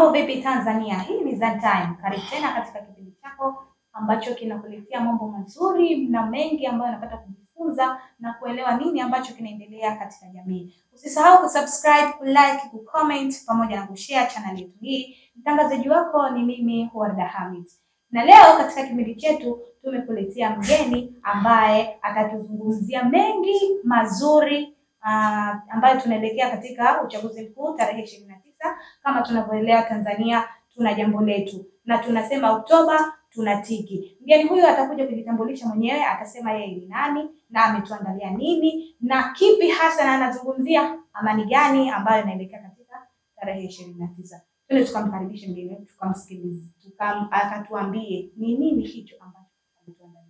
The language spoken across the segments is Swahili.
Mambo vipi Tanzania? Hii ni Zantime. Karibu tena katika kipindi chako ambacho kinakuletea mambo mazuri na mengi ambayo unapata kujifunza na kuelewa nini ambacho kinaendelea katika jamii. Usisahau kusubscribe, kulike, kucomment pamoja na kushare channel yetu hii. Mtangazaji wako ni mimi Warda Hamid. Na leo katika kipindi chetu tumekuletea mgeni ambaye atatuzungumzia mengi mazuri, uh, ambayo tunaelekea katika uchaguzi mkuu tarehe kama tunavyoelea Tanzania tuna jambo letu na tunasema Oktoba tunatiki. Mgeni huyu atakuja kujitambulisha mwenyewe, atasema yeye ni nani na ametuandalia nini na kipi hasa, na anazungumzia amani gani ambayo inaelekea katika tarehe ishirini na tisa. Tuende tukamkaribishe mgeni wetu, tukamsikilize, akatuambie ni nini hicho ambacho ametuandalia.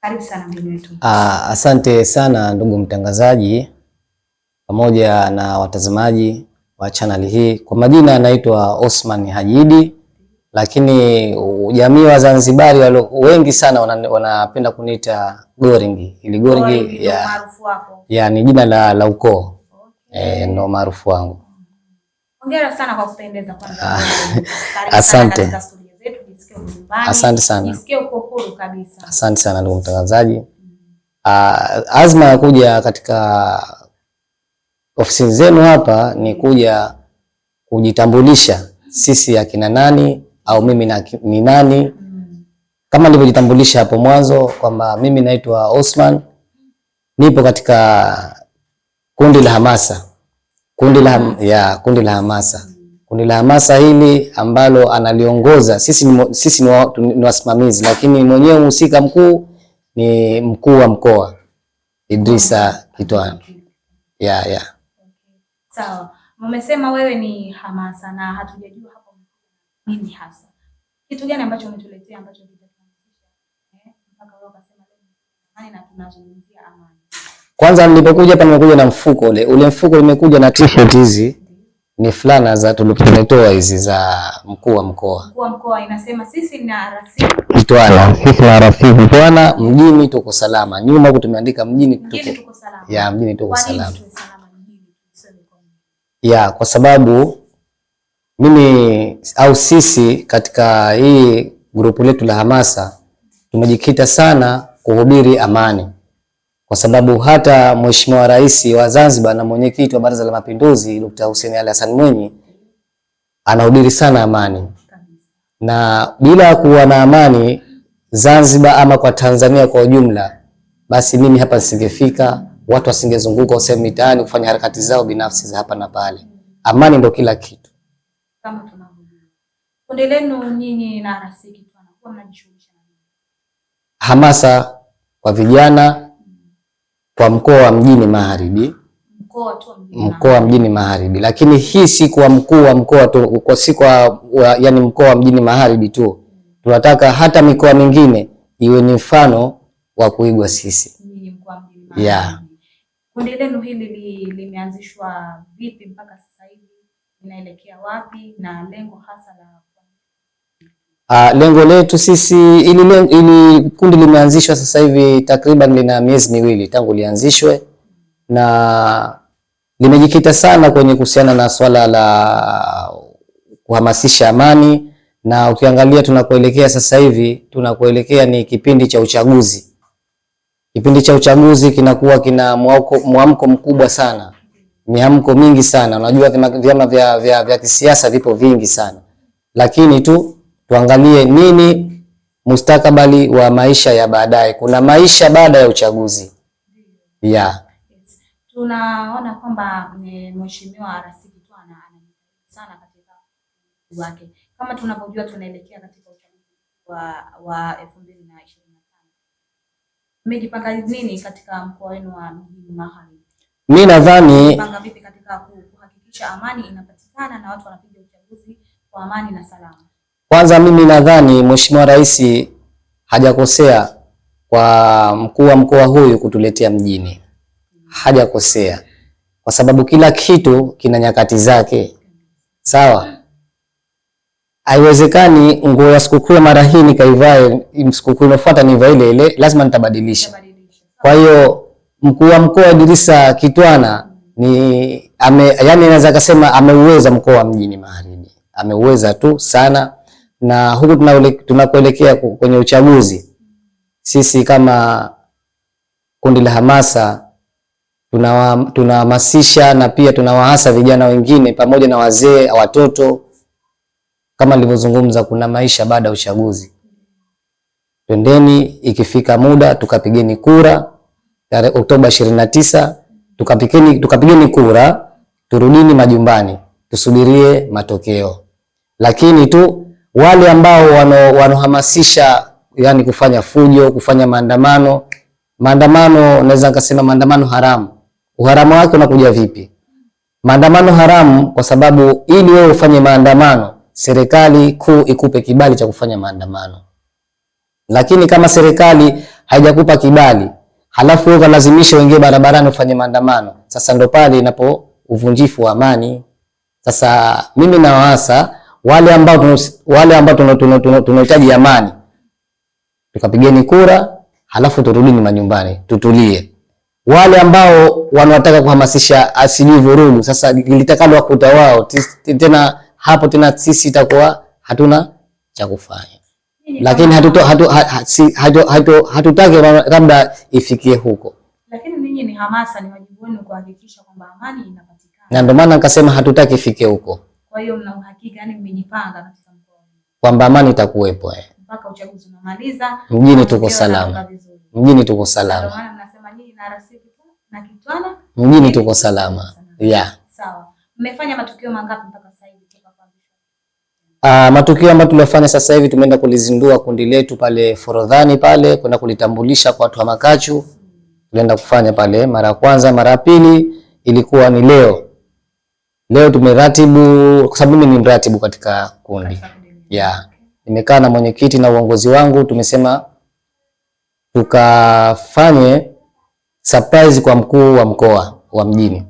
Karibu sana mgeni wetu. Ah, asante sana ndugu mtangazaji pamoja na watazamaji wa channel hii. Kwa majina anaitwa Osman Hajidi, lakini jamii wa Zanzibari walio wengi sana wanapenda kuniita Goringi. Ili Goringi ya, ya ni jina la, la ukoo okay. E, eh, ndo maarufu wangu. Hongera sana kwa kupendeza kwa ah, asante. Asante sana, asante sana ndugu mtangazaji. Mm. Ah, azma ya kuja katika ofisi zenu hapa ni kuja kujitambulisha, sisi akina nani au mimi na, ni nani, kama nilivyojitambulisha hapo mwanzo kwamba mimi naitwa Osman, nipo katika kundi la hamasa kundi la, ya, kundi la hamasa kundi la hamasa hili ambalo analiongoza sisi ni, sisi ni, wa, ni wasimamizi, lakini mwenyewe mhusika mkuu ni mkuu wa mkoa Idrisa Kitwana. yeah, yeah. Sawa, umesema wewe ni hamasa na hatujajua hapo nini hasa kitu gani ambacho umetuletea ambacho eh, kwanza nilipokuja hapa nimekuja na mfuko ule ule mfuko nimekuja na t-shirt hizi ni fulana za tulipotoa hizi za mkuu wa mkoa Mkuu wa mkoa inasema Sisi na RC Mtwana mjini tuko salama, nyuma huko tumeandika mjini tuko salama. Ya mjini tuko salama ya kwa sababu mimi au sisi katika hii grupu letu la hamasa tumejikita sana kuhubiri amani, kwa sababu hata Mheshimiwa Rais wa Zanzibar na mwenyekiti wa Baraza la Mapinduzi Dr. Hussein Ali Hassan Mwinyi anahubiri sana amani, na bila kuwa na amani Zanzibar ama kwa Tanzania kwa ujumla, basi mimi hapa nisingefika watu wasingezunguka useme mitaani kufanya harakati zao binafsi za hapa na pale. Amani ndio kila kitu. Kama tunavyojua kundi lenu nyinyi na Anasiki tunakuwa mnajishughulisha na nini? Hamasa kwa vijana mm. kwa mkoa wa mjini Magharibi, mkoa wa mjini Magharibi, lakini hii si kwa mkuu wa mkoa tu, kwa si kwa yani mkoa wa mjini Magharibi tu, tunataka hata mikoa mingine iwe ni mfano wa kuigwa sisi. Yeah. Kundi lenu hili limeanzishwa vipi mpaka sasa hivi inaelekea wapi na lengo hasa la Uh, lengo letu sisi ili, ili kundi limeanzishwa sasa hivi takriban lina miezi miwili tangu lianzishwe, na limejikita sana kwenye kuhusiana na swala la kuhamasisha amani, na ukiangalia tunakoelekea sasa hivi, tunakoelekea ni kipindi cha uchaguzi Kipindi cha uchaguzi kinakuwa kina mwamko mkubwa sana, mihamko mingi sana. Unajua vyama vya, vya, vya kisiasa vipo vingi sana, lakini tu tuangalie nini mustakabali wa maisha ya baadaye. Kuna maisha baada ya uchaguzi yeah. Tunaona kwamba mheshimiwa Rais Kitwana anajitahidi sana katika wake, kama tunavyojua tunaelekea katika uchaguzi wa wa elfu mbili na ishirini mmejipanga nini katika mkoa wenu wa Mjini Magharibi? Mimi nadhani mpanga vipi katika kuhakikisha amani inapatikana na watu wanapiga uchaguzi kwa amani na salama? Kwanza mimi nadhani Mheshimiwa Rais hajakosea kwa mkuu wa mkoa huyu kutuletea Mjini, hajakosea kwa sababu kila kitu kina nyakati zake, sawa haiwezekani nguo ya sikukuu ya mara hii nikaivae, sikukuu inafuata nivae ile ile, lazima nitabadilisha. Kwa hiyo mkuu wa mkoa Idrisa Kitwana ni ame, yani naweza kusema ameuweza mkoa wa Mjini Magharibi, ameuweza tu sana, na huku tunakuelekea kwenye uchaguzi, sisi kama kundi la hamasa tunawahamasisha, tuna na pia tunawahasa vijana wengine pamoja na wazee, watoto kama nilivyozungumza, kuna maisha baada ya uchaguzi. Twendeni, ikifika muda tukapigeni kura tarehe Oktoba 29, tukapigeni tukapigeni kura, turudini majumbani, tusubirie matokeo. Lakini tu wale ambao wanaohamasisha yani kufanya fujo, kufanya maandamano, maandamano naweza nikasema maandamano haramu. Uharamu wake unakuja vipi? Maandamano haramu kwa sababu ili wewe ufanye maandamano serikali kuu ikupe kibali cha kufanya maandamano. Lakini kama serikali haijakupa kibali, halafu wewe kalazimisha wengine barabarani ufanye maandamano, sasa ndo pale inapo uvunjifu wa amani. Sasa mimi nawaasa wale ambao wale ambao tunahitaji amani, tukapigeni kura, halafu turudini manyumbani, tutulie. Wale ambao wanataka kuhamasisha asili vurugu, sasa litakalo wakuta wao tena hapo tena sisi itakuwa hatuna cha kufanya, lakini hatuto hatu, hatu, hatu, hatu, hatutaki labda ifikie huko, lakini ninyi ni hamasa, ni wajibu wenu kuhakikisha kwamba amani inapatikana, na ndio maana nikasema hatutaki ifikie huko. Kwa hiyo mna uhakika, yani mmejipanga katika mkoa kwamba amani itakuwepo eh, mpaka uchaguzi unamaliza, mjini tuko salama, mjini tuko salama, kwa maana mnasema nyinyi na rafiki na Kitwana, mjini tuko salama, yeah, sawa. Mmefanya matukio mangapi mpaka Uh, matukio ambayo tuliofanya sasa hivi tumeenda kulizindua kundi letu pale Forodhani pale kwenda kulitambulisha kwa watu wa Makachu. Tulienda kufanya pale mara ya kwanza, mara ya pili ilikuwa ni leo. Leo tumeratibu kwa sababu mimi ni mratibu katika kundi. Yeah. Nimekaa na mwenyekiti na uongozi wangu tumesema tukafanye surprise kwa mkuu wa mkoa wa mjini.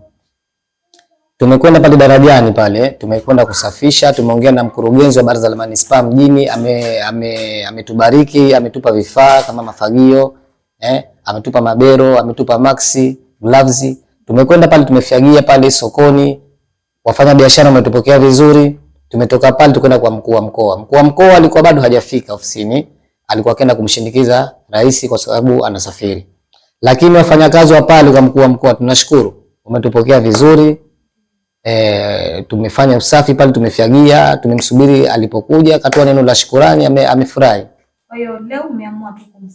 Tumekwenda pale darajani pale, tumekwenda kusafisha, tumeongea na mkurugenzi wa Baraza la Manispaa mjini, ametubariki, ame, ame ametupa vifaa kama mafagio eh, ametupa mabero, ametupa maxi, gloves. Tumekwenda pale tumefagia pale sokoni, wafanya biashara wametupokea vizuri. Tumetoka pale tukwenda kwa mkuu wa mkoa. Mkuu wa mkoa alikuwa bado hajafika ofisini, alikuwa akenda kumshindikiza rais kwa sababu anasafiri. Lakini wafanyakazi wa pale kwa mkuu wa mkoa, tunashukuru umetupokea vizuri. E, tumefanya usafi pale, tumefyagia, tumemsubiri alipokuja, katua neno la shukurani, amefurahi ame